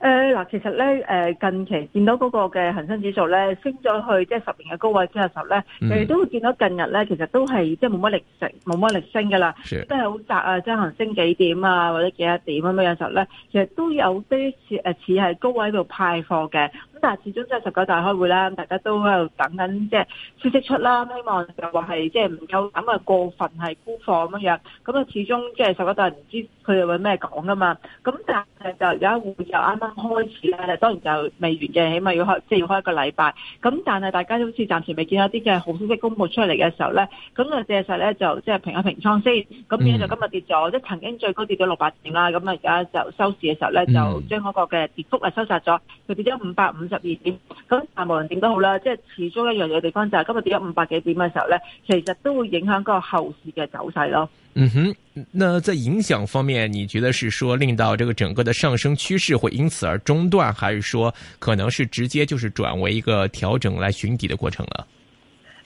誒，嗱、呃，其實咧，誒，近期見到嗰個嘅恒生指數咧，升咗去即係、就是、十年嘅高位之後呢，之係十咧，其實都會見到近日咧，其、就、實、是、的都係即係冇乜力冇乜力升噶啦，都係好窄啊，即係恒升幾點啊，或者幾多點咁、啊、樣，有時候咧，其實都有啲似誒似係高位喺度派貨嘅。但始終即係十九大開會啦，大家都喺度等緊，即係消息出啦。希望就話係即係唔夠咁啊過分係沽貨咁樣。咁啊始終即係十九大唔知佢哋會咩講噶嘛。咁但係就有一會就啱啱開始啦，當然就未完嘅，起碼要開即係、就是、要開一個禮拜。咁但係大家好似暫時未見到啲嘅好消息公佈出嚟嘅時候咧，咁啊借勢咧就即係平一平倉先試試。咁而、嗯、就今日跌咗，嗯、即曾經最高跌到六百點啦。咁啊而家就收市嘅時候咧，就將嗰個嘅跌幅啊、嗯、收窄咗，佢跌咗五百五十。十二點，咁但無論點都好啦，即係始終一樣嘢嘅地方就係今日跌咗五百幾點嘅時候咧，其實都會影響個後市嘅走勢咯。嗯哼，那在影響方面，你覺得是說令到這個整個的上升趨勢會因此而中斷，還是說可能是直接就是轉為一個調整來尋底的過程呢？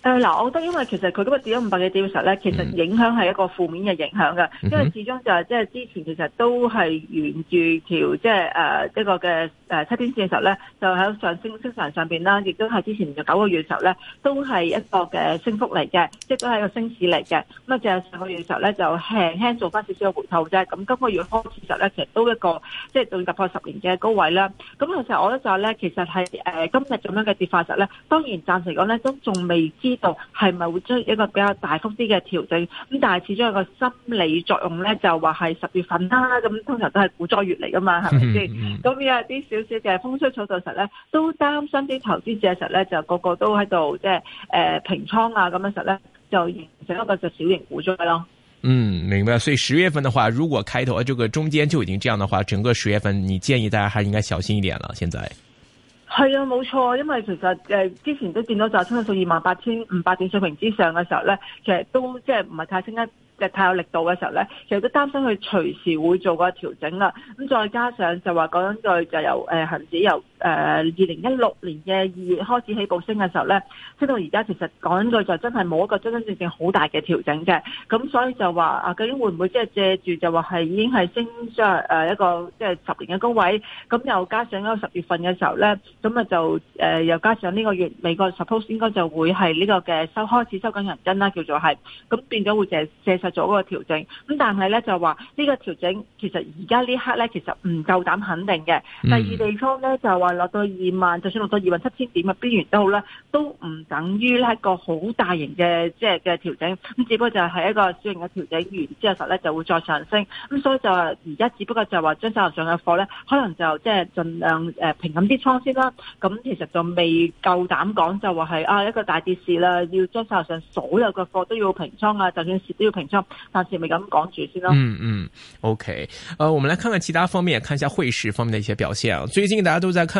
誒，嗱、呃，我覺得因為其實佢今日跌咗五百幾點嘅時候咧，其實影響係一個負面嘅影響嘅，嗯、因為始終就係即係之前其實都係沿住條即係誒一個嘅誒七天線嘅時候咧，就喺上升升勢上邊啦，亦都係之前嘅九個月時候咧，都係一個嘅升幅嚟嘅，即係都係一個升市嚟嘅。咁啊，就係上個月嘅時候咧，就輕輕做翻少少嘅回抽啫。咁今個月開始實咧，其實都一個即係到突破十年嘅高位啦。咁其實我覺得就係咧，其實係誒、呃、今日咁樣嘅跌法實咧，當然暫時講咧都仲未知。呢度係咪會出一個比較大幅啲嘅調整？咁但係始終一個心理作用咧，就話係十月份啦，咁通常都係股災月嚟㗎嘛，係咪先？咁有啲少少嘅風吹草動時咧，都擔心啲投資者實咧就個個都喺度即係誒平倉啊，咁樣實咧就形成一個嘅小型股災咯。嗯，明白。所以十月份嘅話，如果開頭或者、這個、中間就已經這樣嘅話，整個十月份你建議大家還是應該小心一點啦。現在。嗯係啊，冇錯，因為其實誒之前都見到就係穿梭於二萬八千五百點水平之上嘅時候咧，其實都即係唔係太升得，即係太有力度嘅時候咧，其實都擔心佢隨時會做個調整啦。咁再加上就話講緊句就由誒恆指由，呃誒二零一六年嘅二月開始起步升嘅時候咧，即到而家其實講緊句就真係冇一個真真正正好大嘅調整嘅，咁所以就話啊究竟會唔會即係借住就話係已經係升咗誒、呃、一個即係十年嘅高位，咁又加上嗰十月份嘅時候咧，咁啊就誒、呃、又加上呢個月美國 suppose 應該就會係呢個嘅收開始收緊銀根啦，叫做係，咁變咗會借借實咗個調整，咁但係咧就話呢個調整其實而家呢刻咧其實唔夠膽肯定嘅，第二地方咧就話。落到二萬，就算落到二萬七千點嘅邊緣都好啦，都唔等於咧一個好大型嘅即係嘅調整，咁只不過就係一個小型嘅調整完之後咧就會再上升，咁所以就而家只不過就話將手上嘅貨咧，可能就即係盡量誒平緊啲倉先啦，咁其實就未夠膽講就話係啊一個大跌市啦，要將手上所有嘅貨都要平倉啊，就算蝕都要平倉，暫時未咁講住先咯。嗯嗯，OK，誒、呃，我們來看看其他方面，看一下匯市方面的一些表現啊，最近大家都在看。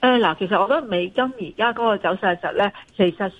誒嗱，其實我覺得美金而家嗰個走勢實咧，其實算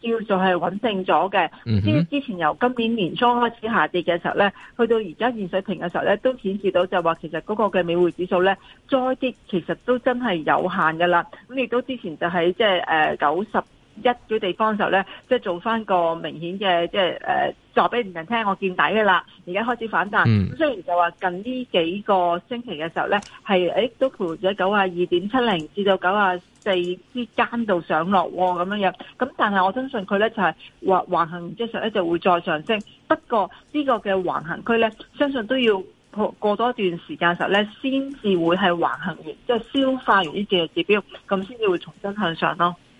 叫做係穩定咗嘅。即係、mm hmm. 之前由今年年初開始下跌嘅時候咧，去到而家現水平嘅時候咧，都顯示到就話其實嗰個嘅美匯指數咧，再跌其實都真係有限㗎啦。咁亦都之前就喺即係誒九十，呃一啲地方嘅時候咧，即係做翻個明顯嘅，即係誒，話俾人聽，我見底嘅啦。而家開始反彈，嗯，雖然就話近呢幾個星期嘅時候咧，係誒都徘徊在九啊二點七零至到九啊四之間度上落咁樣樣。咁但係我相信佢咧就係橫行完之後咧就會再上升。不過呢個嘅橫行區咧，相信都要過多一段時間嘅時候咧，先至會係橫行完，即係消化完呢幾個指標，咁先至會重新向上咯。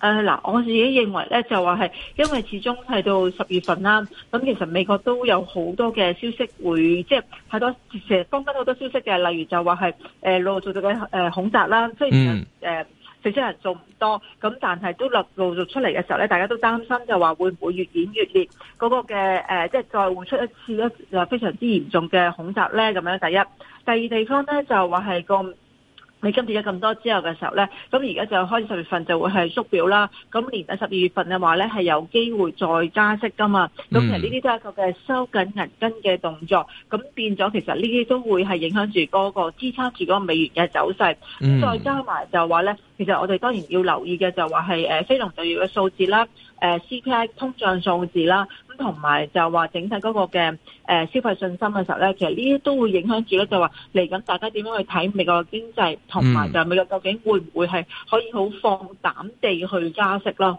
誒，嗱、呃，我自己認為咧，就話係因為始終係到十月份啦，咁其實美國都有好多嘅消息會，即係太多成日放得好多消息嘅，例如就話係誒陸陸續續嘅恐襲啦，雖然誒死傷人數唔多，咁但係都陸陸續出嚟嘅時候咧，大家都擔心就話會唔會越演越烈，嗰、那個嘅、呃、即係再換出一次咧就、呃、非常之嚴重嘅恐襲咧咁樣。第一，第二地方咧就話係個。你今跌咗咁多之後嘅時候咧，咁而家就開始十月份就會係縮表啦。咁年底十二月份嘅話咧，係有機會再加息㗎嘛。咁、嗯、其實呢啲都係一個嘅收緊銀根嘅動作。咁變咗其實呢啲都會係影響住嗰、嗰個支撐住嗰個美元嘅走勢。嗯、再加埋就話咧，其實我哋當然要留意嘅就話係非農就業嘅數字啦。誒 CPI 通脹數字啦，咁同埋就話整體嗰個嘅誒消費信心嘅時候咧，其實呢啲都會影響住咧，就話嚟緊大家點樣去睇美國經濟，同埋就係美國究竟會唔會係可以好放膽地去加息咯？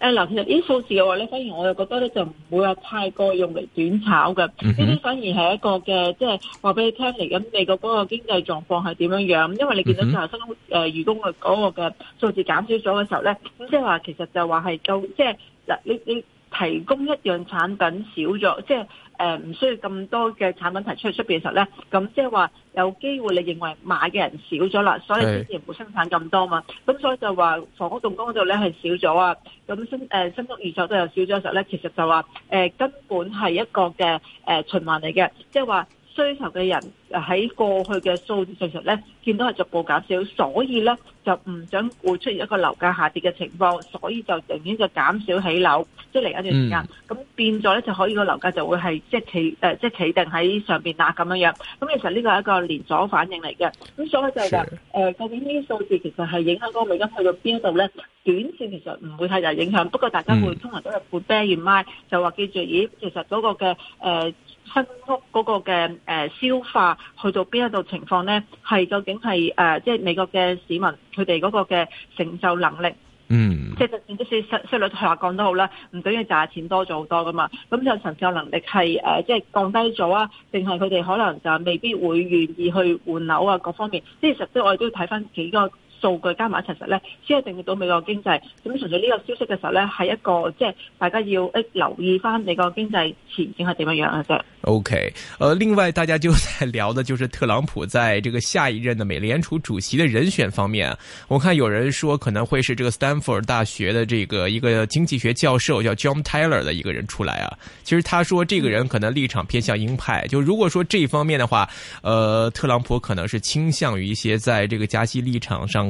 誒嗱，其實呢啲數字嘅話呢，反而我就覺得呢就唔會有太過用嚟短炒嘅，呢啲、嗯、哼反而係一個嘅，即係話畀你聽嚟咁你個嗰個經濟狀況係點樣樣，因為你見到就係新誒預工業嗰個嘅數字減少咗嘅時候呢，咁即係話其實就話係夠，即、就、係、是提供一樣產品少咗，即係誒唔需要咁多嘅產品提出去出邊嘅時候咧，咁即係話有機會你認為買嘅人少咗啦，所以先至唔會生產咁多嘛，咁所以就話房屋動工嗰度咧係少咗啊，咁新誒新屋預售都有少咗嘅時候咧，其實就話誒根本係一個嘅誒循環嚟嘅，即係話。追求嘅人喺過去嘅數字上頭咧，見到係逐步減少，所以咧就唔想會出現一個樓價下跌嘅情況，所以就寧願就減少起樓，即係嚟一段時間，咁、嗯、變咗咧就可以個樓價就會係即係企誒即係企定喺上邊喇咁樣樣。咁其實呢個係一個連鎖反應嚟嘅，咁所以就係話誒，究竟呢啲數字其實係影響嗰個美金去到邊度咧？短線其實唔會太大影響，不過大家會通常都係 bear in mind，嗯、就話記住，咦，其實嗰個嘅誒。呃新屋嗰個嘅消化去到邊一度情況咧？係究竟係即係美國嘅市民佢哋嗰個嘅承受能力，嗯、mm.，即係就算即使息息率下降都好啦，唔等於賺錢多咗好多噶嘛。咁就承受能力係即係降低咗啊，定係佢哋可能就未必會願意去換樓啊，各方面。即係實質我哋都要睇翻幾個。數據加埋一齊，實呢，先可以定到美國經濟。咁除咗呢個消息嘅時候呢，係一個即係大家要一留意翻美國經濟前景係點樣樣嘅啫。OK，呃，另外大家就在聊的，就是特朗普在這個下一任的美聯儲主席的人選方面，我看有人說可能會是這個 Stanford 大學的這個一個經濟學教授叫 John Taylor 的一個人出來啊。其實他說，這個人可能立場偏向鷹派。就如果說這一方面的話，呃，特朗普可能是傾向於一些在這個加息立場上。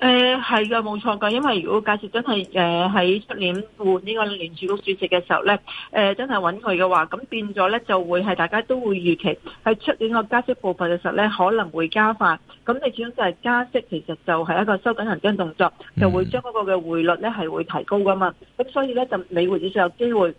誒，係噶、嗯，冇錯噶。因為如果屆時真係誒喺出年換呢個聯儲局主席嘅時候咧，誒、呃、真係揾佢嘅話，咁變咗咧就會係大家都會預期喺出年個加息部分嘅時候咧可能會加快。咁你始終就係加息，其實就係一個收緊銀根動作，就會將嗰個嘅匯率咧係會提高噶嘛。咁所以咧就美匯指數就有機會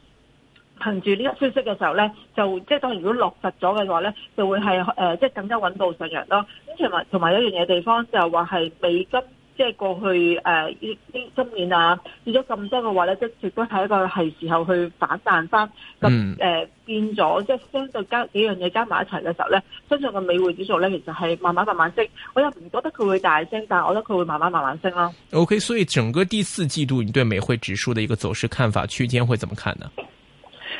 憑住呢個消息嘅時候咧，就即係當然如果落實咗嘅話咧，就會係誒、呃、即係更加穩步上揚咯。咁同埋同埋有一樣嘢地方就係話係美金。即係過去誒，依、呃、今年啊，跌咗咁多嘅話咧，即係亦都係一個係時候去反彈返。咁誒、嗯呃、變咗，即係相對加幾樣嘢，加埋一齊嘅時候咧，相信個美匯指數咧，其實係慢慢慢慢升。我又唔覺得佢會大升，但係我覺得佢會慢慢慢慢升咯。OK，所以整個第四季度你對美匯指數嘅一個走勢看法，區間會怎麼看呢？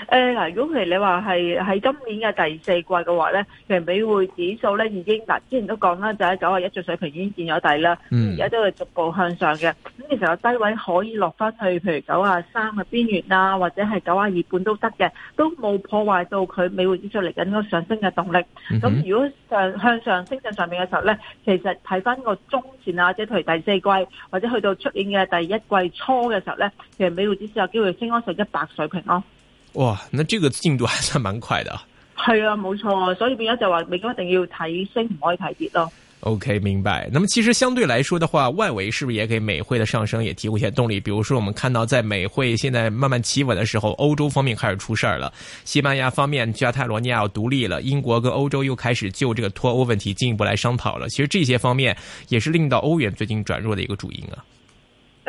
誒嗱，如果係你話係喺今年嘅第四季嘅話咧，其實美匯指數咧已經嗱之前都講啦，就喺九啊一着水平已經見咗底啦。嗯。而家都係逐步向上嘅。咁其實個低位可以落翻去，譬如九啊三嘅邊緣啊，或者係九啊二半都得嘅，都冇破壞到佢美匯指數嚟緊嗰上升嘅動力。咁、嗯、哼如果上向上升上上面嘅時候咧，其實睇翻個中線啊，即係譬如第四季或者去到出年嘅第一季初嘅時候咧，其實美匯指數有機會升翻上一百水平咯。哇，那這個進度還算蠻快的啊！係啊，冇錯，所以而家就話，美國一定要睇升，唔可以睇跌咯。OK，明白。那麼其實相對來說的話，外圍是不是也給美匯的上升也提供一些動力？比如說，我們看到在美匯現在慢慢企穩的時候，歐洲方面開始出事了，西班牙方面加泰羅尼亞獨立了，英國跟歐洲又開始就這個脫歐問題進一步來商討了。其實這些方面也是令到歐元最近轉弱的一個主因啊。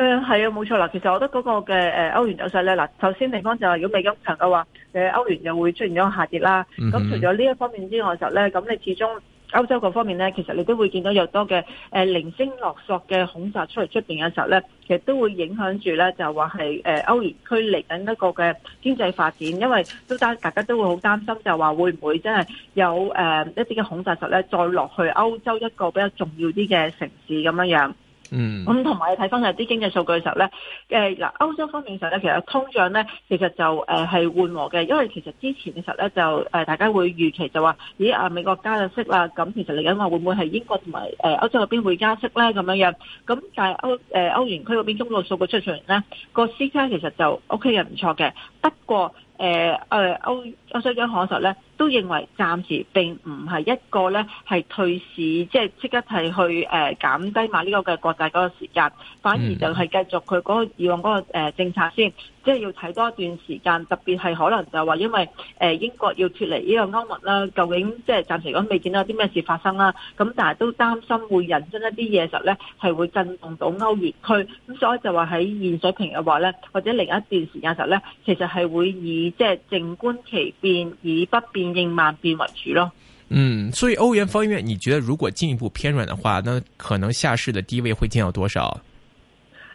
誒係啊，冇、嗯、錯啦。其實我覺得嗰個嘅誒歐元走勢咧，嗱，頭先地方就係如果美金強嘅話，誒歐元就會出現咗下跌啦。咁、嗯、哼除咗呢一方面之外就時咧，咁你始終歐洲各方面咧，其實你都會見到有多嘅誒零星落索嘅恐襲出嚟出邊嘅時候咧，其實都會影響住咧，就話係誒歐元區嚟緊一個嘅經濟發展，因為都擔大家都會好擔心，就話會唔會真係有誒一啲嘅恐襲實咧再落去歐洲一個比較重要啲嘅城市咁樣樣。嗯，咁同埋睇返嘅啲經濟數據嘅時候咧，誒嗱歐洲方面嘅時候咧，其實通脹呢，其實就係、係、緩、呃、和嘅，因為其實之前嘅時候呢，就、呃、大家會預期就話，咦啊美國加息啦，咁其實嚟緊話會唔會係英國同埋歐洲嗰邊會加息呢？咁樣樣，咁但係歐、呃、歐元區嗰邊咁多數據出出嚟呢，個 CPI 其實就 O K 係唔錯嘅，不過誒、呃、歐。我想講，可實咧，都認為暫時並唔係一個咧，係退市，即係即刻係去誒減、呃、低埋呢個嘅國際嗰個時間，反而就係繼續佢嗰、嗰個以往嗰、嗰個、呃、政策先，即係要睇多一段時間。特別係可能就係話，因為誒、呃、英國要脫離呢個歐盟啦，究竟即係暫時講未見到有啲咩事發生啦，咁但係都擔心會引申一啲嘢實咧，係會震動到歐元區，咁所以就話喺現水平嘅話咧，或者另一段時間時候咧，其實係會以即係靜觀其。變以不變應萬變為主咯。嗯，所以歐元方面，你覺得如果進一步偏軟嘅話，那可能下市嘅低位會見到多少？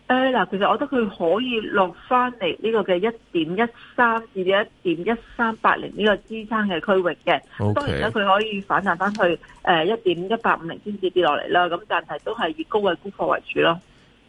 誒，嗱，其實我覺得佢可以落翻嚟呢個嘅一點一三至一點一三八零呢個支撐嘅區域嘅。Okay. 當然啦，佢可以反彈翻去誒一點一八五零先至跌落嚟啦。咁但係都係以高位沽貨為主咯。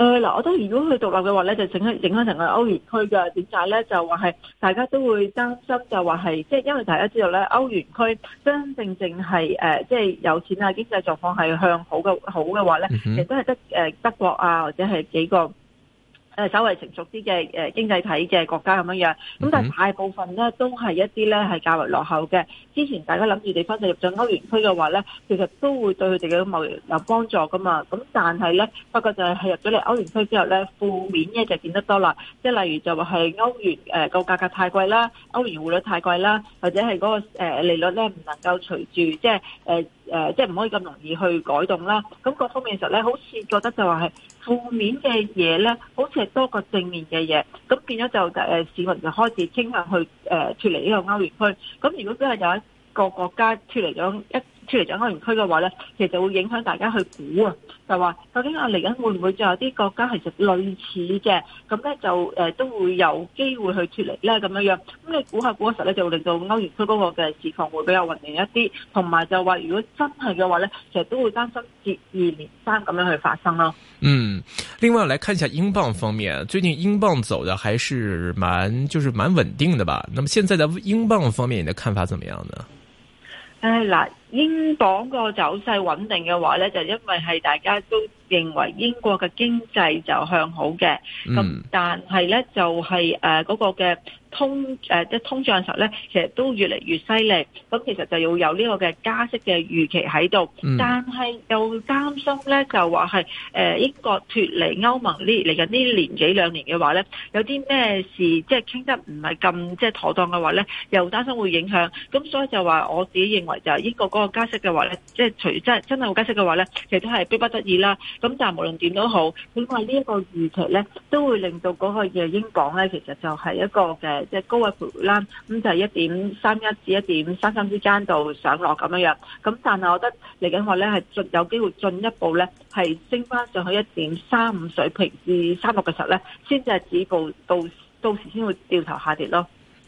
誒嗱、嗯，我都如果佢獨立嘅話呢，就整開整成個歐元區嘅，點解呢？就話係大家都會擔心就，就話係即係因為大家知道呢，歐元區真真正正係誒，即係有錢呀、經濟狀況係向好嘅好嘅話呢、嗯、哼其實都係得德國呀、啊，或者係幾個。係稍微成熟啲嘅誒經濟體嘅國家咁樣樣，咁但係大部分咧都係一啲咧係較為落後嘅。之前大家諗住地方就入咗歐元區嘅話咧，其實都會對佢哋嘅貿易有幫助噶嘛。咁但係咧，不過就係係入咗嚟歐元區之後咧，負面嘅就見得多啦。即係例如就話係歐元誒個價格太貴啦，歐元匯率太貴啦，或者係嗰個誒利率咧唔能夠隨住即係誒。誒即係唔可以咁容易去改動啦，咁各方面其實咧好似覺得就話係負面嘅嘢咧，好似係多過正面嘅嘢，咁變咗就誒市民就開始傾向去誒脫離呢個歐元區。咁如果真係有一個國家脫離咗一脫離咗歐元區嘅話咧，其實就會影響大家去估啊，就話究竟啊嚟緊會唔會仲有啲國家係類似嘅，咁咧就誒都會有機會去脱離咧咁樣樣。咁你估下估嘅時候咧，就令到歐元區嗰個嘅市況會比較混亂一啲，同埋就話如果真係嘅話咧，其實都會擔心接二連三咁樣去發生咯。嗯，另外嚟看一下英鎊方面，最近英鎊走得還是蠻就是蠻穩定的吧？那麼現在在英鎊方面，你的看法怎麼樣呢？誒、嗱，英鎊個走勢穩定嘅話咧，就因為係大家都認為英國嘅經濟就向好嘅，咁、嗯、但係咧就係誒嗰個嘅。通誒、呃、即係通脹嘅時候咧，其實都越嚟越犀利。咁其實就要有呢個嘅加息嘅預期喺度，嗯、但係又擔心咧，就話係誒英國脫離歐盟呢嚟緊呢年幾兩年嘅話咧，有啲咩事即係傾得唔係咁即係妥當嘅話咧，又擔心會影響。咁所以就話我自己認為就係英國嗰個加息嘅話咧，即、就、係、是、除即係真係好加息嘅話咧，其實都係逼不得已啦。咁但係無論點都好，起碼呢一個預期咧，都會令到嗰個嘅英鎊咧，其實就係一個嘅。即係高位徘徊啦，咁就係一點三一至一點三三之間度上落咁樣樣，咁但係我覺得嚟緊我咧係有機會進一步咧係升翻上去一點三五水平至三六嘅時候咧，先至係止步到到時先會掉頭下跌咯。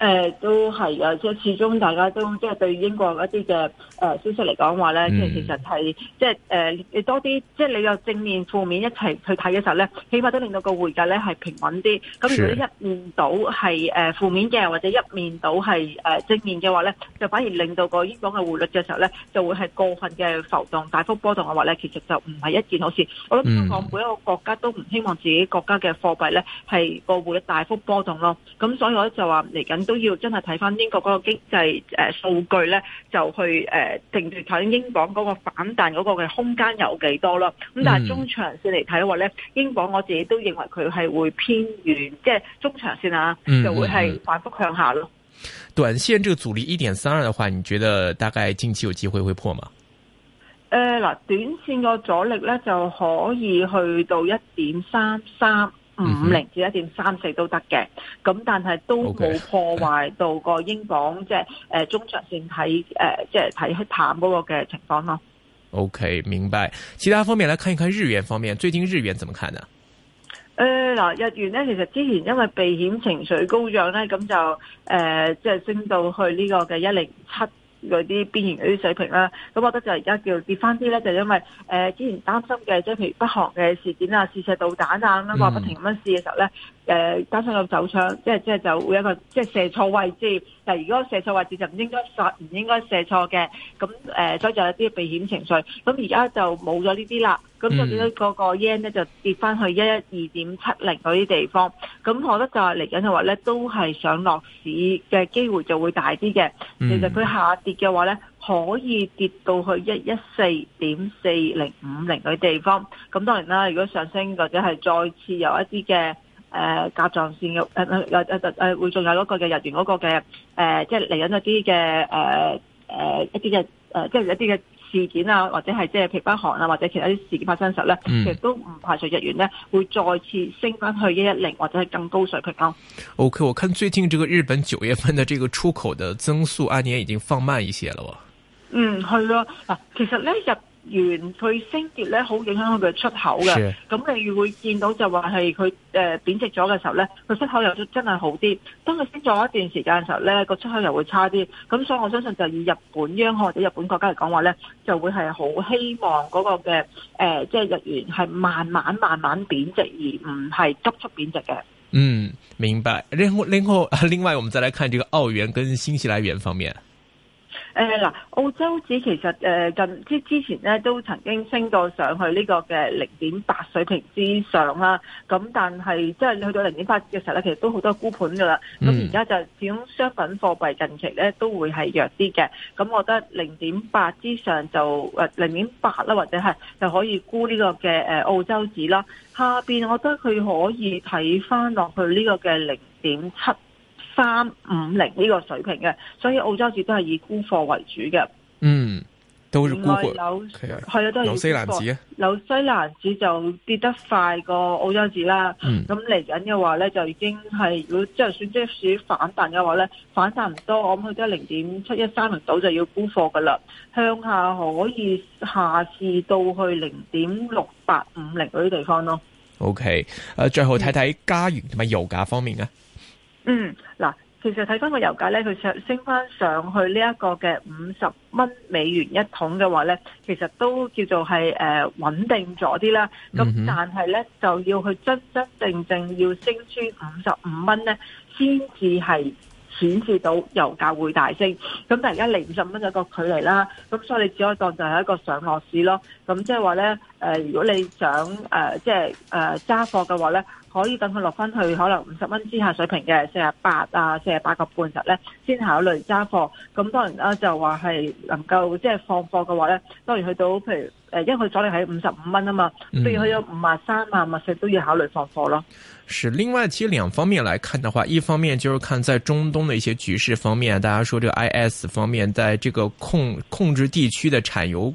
誒、呃、都係嘅，即係始終大家都即係對於英國嗰啲嘅誒消息嚟講話咧，即係其實係即係誒你多啲，即係你個正面負面一齊去睇嘅時候咧，起碼都令到個匯價咧係平穩啲。咁的如果一面倒係誒負面嘅，或者一面倒係誒正面嘅話咧，就反而令到個英國嘅匯率嘅時候咧，就會係過分嘅浮動、大幅波動嘅話咧，其實就唔係一件好事。嗯、我諗香港每一個國家都唔希望自己國家嘅貨幣咧係個匯率大幅波動咯。咁所以我就話嚟緊。都要真係睇返英國嗰個經濟誒數據咧，就去誒、呃、定奪睇英鎊嗰個反彈嗰個嘅空間有幾多咯。咁但係中長線嚟睇嘅話咧，嗯、英鎊我自己都認為佢係會偏軟，即係中長線啊，就會係反覆向下咯。短線這個阻力一點三二嘅話，你覺得大概近期有機會會破嗎？誒嗱、呃，短線個阻力咧就可以去到一點三三。五零至一點三四都得嘅，咁但係都冇破壞到個英鎊，即係誒中長線睇誒，即係睇去淡嗰個嘅情況咯。OK，明白。其他方面嚟看一看日元方面，最近日元怎麼看呢？誒嗱、呃，日元咧，其實之前因為避險情緒高漲咧，咁就誒即係升到去呢個嘅一零七。嗰啲邊緣嗰啲水平啦、啊，咁我覺得就而家叫跌翻啲咧，就是、因為誒之前擔心嘅，即係譬如北韓嘅事件啊、試射導彈啊咁樣話不停咁試嘅時候咧，誒、呃、擔心有走槍，即係即係就會一個即係、就是、射錯位置。但係如果射錯位置就唔應該射，唔應該射錯嘅，咁誒、呃、所以就有啲避險情緒。咁而家就冇咗呢啲啦。咁、嗯、就見到嗰個 yen 咧就跌翻去一一二點七零嗰啲地方，咁我覺得就係嚟緊嘅話咧，都係上落市嘅機會就會大啲嘅。嗯、其實佢下跌嘅話咧，可以跌到去一一四點四零五零啲地方。咁當然啦，如果上升或者係再次有一啲嘅誒甲狀腺嘅誒誒會仲有嗰個嘅日元嗰個嘅誒，即係嚟緊一啲嘅誒一啲嘅即係一啲嘅。事件啊，或者係即係譬如北韓啊，或者其他啲事件發生時咧，嗯、其實都唔排除日元咧會再次升翻去一一零或者係更高水平咯。OK，我看最近這個日本九月份的這個出口的增速按年已經放慢一些了，嗯，係咯。嗱、啊，其實咧日元佢升跌咧，好影響佢嘅出口㗎。咁你如會見到就話係佢誒貶值咗嘅時候咧，佢出口又真真係好啲。當佢升咗一段時間嘅時候咧，個出口又會差啲。咁所以我相信就以日本央行或者日本國家嚟講話咧，就會係好希望嗰個嘅誒，即係日元係慢慢慢慢貶值，而唔係急速貶值嘅。嗯，明白。另另外，我們再來看這個澳元跟新西蘭元方面。誒嗱，澳洲指其實誒近即之前咧都曾經升過上去呢個嘅零點八水平之上啦。咁但係即係你去到零點八嘅時候咧，其實都好多沽盤噶啦。咁而家就始終商品貨幣近期咧都會係弱啲嘅。咁我覺得零點八之上就誒零點八啦，或者係就可以沽呢個嘅澳洲指啦。下邊我覺得佢可以睇翻落去呢個嘅零點七。三五零呢個水平嘅，所以澳洲紙都係以沽貨為主嘅。嗯，都係沽貨有係啊，都係。紐西蘭紙啊，紐西蘭紙就跌得快過澳洲紙啦。咁嚟緊嘅話咧，就已經係如果即係算即係屬於反彈嘅話咧，反彈唔多，我諗佢都係零點七一三零度就要沽貨噶啦。向下可以下試到去零點六八五零嗰啲地方咯。O K，誒，最後睇睇加元同埋油價方面嘅。嗯嗯，嗱，其實睇翻個油價咧，佢上升翻上去呢一個嘅五十蚊美元一桶嘅話咧，其實都叫做係誒穩定咗啲啦。咁、嗯、哼但係咧就要去真真正正要升穿五十五蚊咧，先至係顯示到油價會大升。咁但係而家零五十蚊就個距離啦，咁所以你只可以當就係一個上落市咯。咁即係話咧，誒、呃，如果你想誒、呃、即係誒揸貨嘅話咧。可以等佢落翻去可能五十蚊之下水平嘅四廿八啊，四廿八個半十咧，先考慮揸貨。咁當然啦，啊，就話係能夠即係放貨嘅話咧，當然去到譬如誒，呃，因為佢阻力喺五十五蚊啊嘛，所以去到五廿三啊，五十四都要考慮放貨咯。是，另外，其實兩方面來看嘅話，一方面就是看在中東的一些局勢方面，大家說這個 IS 方面，在這個控控制地區的產油。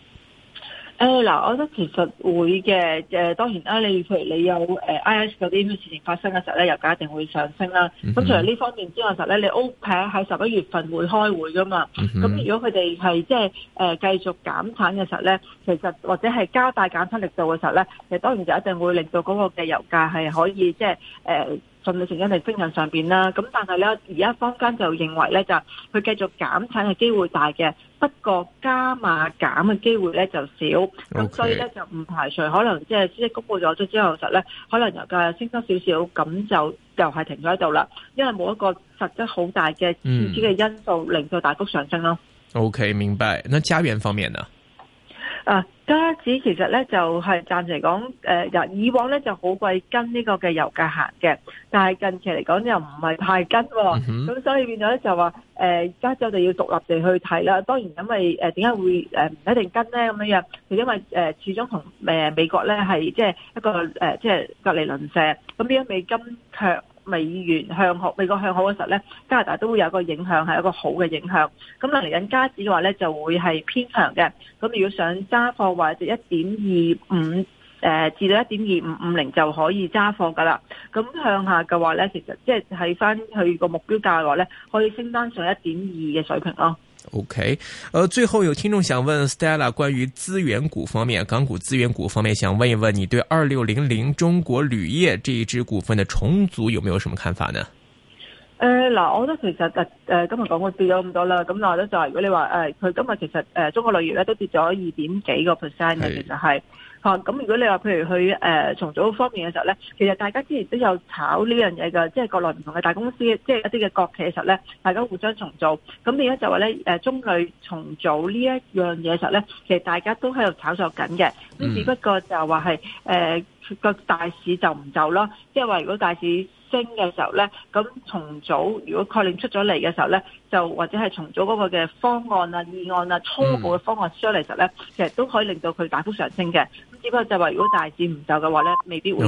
誒嗱、呃，我覺得其實會嘅，誒當然啦、啊，你譬如你有誒 IS 嗰啲事情發生嘅時候咧，油價一定會上升啦。咁、嗯、哼除咗呢方面之外嘅時候咧，在你 OPEC 喺十一月份會開會噶嘛，咁、嗯、哼如果佢哋係即係繼續減產嘅時候咧，其實或者係加大減產力度嘅時候咧，其實當然就一定會令到嗰個嘅油價係可以即係誒。呃順利成因係飛行上邊啦，咁但係咧，而家坊間就認為咧，就佢繼續減產嘅機會大嘅，不過加碼減嘅機會咧就少，咁所以咧就唔排除可能即係即係公布咗咗之後，實咧可能油價升多少少，咁就又係停咗喺度啦，因為冇一個實質好大嘅唔知嘅因素令到大幅上升咯。OK，明白。那家園方面呢？誒。加紙其實咧就係暫時嚟講，誒、呃、由以往咧就好貴跟呢個嘅油價行嘅，但係近期嚟講又唔係太跟、哦，咁、嗯、哼所以變咗咧就話誒加紙就要獨立地去睇啦。當然因為誒點解會誒唔、呃、一定跟咧咁樣樣，就因為誒、呃、始終同美國咧係即係一個、呃、即係隔離鄰舍，咁呢一美金卻。美元向好，美國向好嘅時候咧，加拿大都會有一個影響，係一個好嘅影響。咁嚟緊加止嘅話咧，就會係偏強嘅。咁如果想揸貨話，或者一點二五，誒，至到一點二五五零就可以揸貨㗎喇。咁向下嘅話咧，其實即係睇翻佢個目標價嘅話咧，可以升翻上一點二嘅水平咯。OK，呃、最後有聽眾想問 Stella 關於資源股方面，港股資源股方面，想問一問你對二六零零中國鋁業這一支股份的重組有沒有什麼看法呢？誒，嗱，我覺得其實誒、呃，今日講過跌咗咁多啦，咁嗱，咧就係如果你話誒，佢、呃、今日其實誒、呃，中國鋁業咧都跌咗二點幾個 percent 嘅，其實係。是咁、嗯、如果你話譬如去誒、呃、重組方面嘅時候呢，其實大家之前都有炒呢樣嘢嘅，即係國內唔同嘅大公司，即係一啲嘅國企嘅時候呢，大家互相重組。咁而家就話呢，誒、呃、中類重組呢一樣嘢嘅時候呢，其實大家都喺度炒作緊嘅。咁只不過就話係誒個大市就唔就囉，即係話如果大市升嘅，嗯、時候咧，咁重組如果確定出咗嚟嘅時候咧，就或者係重組嗰個嘅方案啊、議案啊、初步嘅方案出嚟時候咧，其實都可以令到佢大幅上升嘅。咁只不過就話，如果大致唔就嘅話咧，未必會。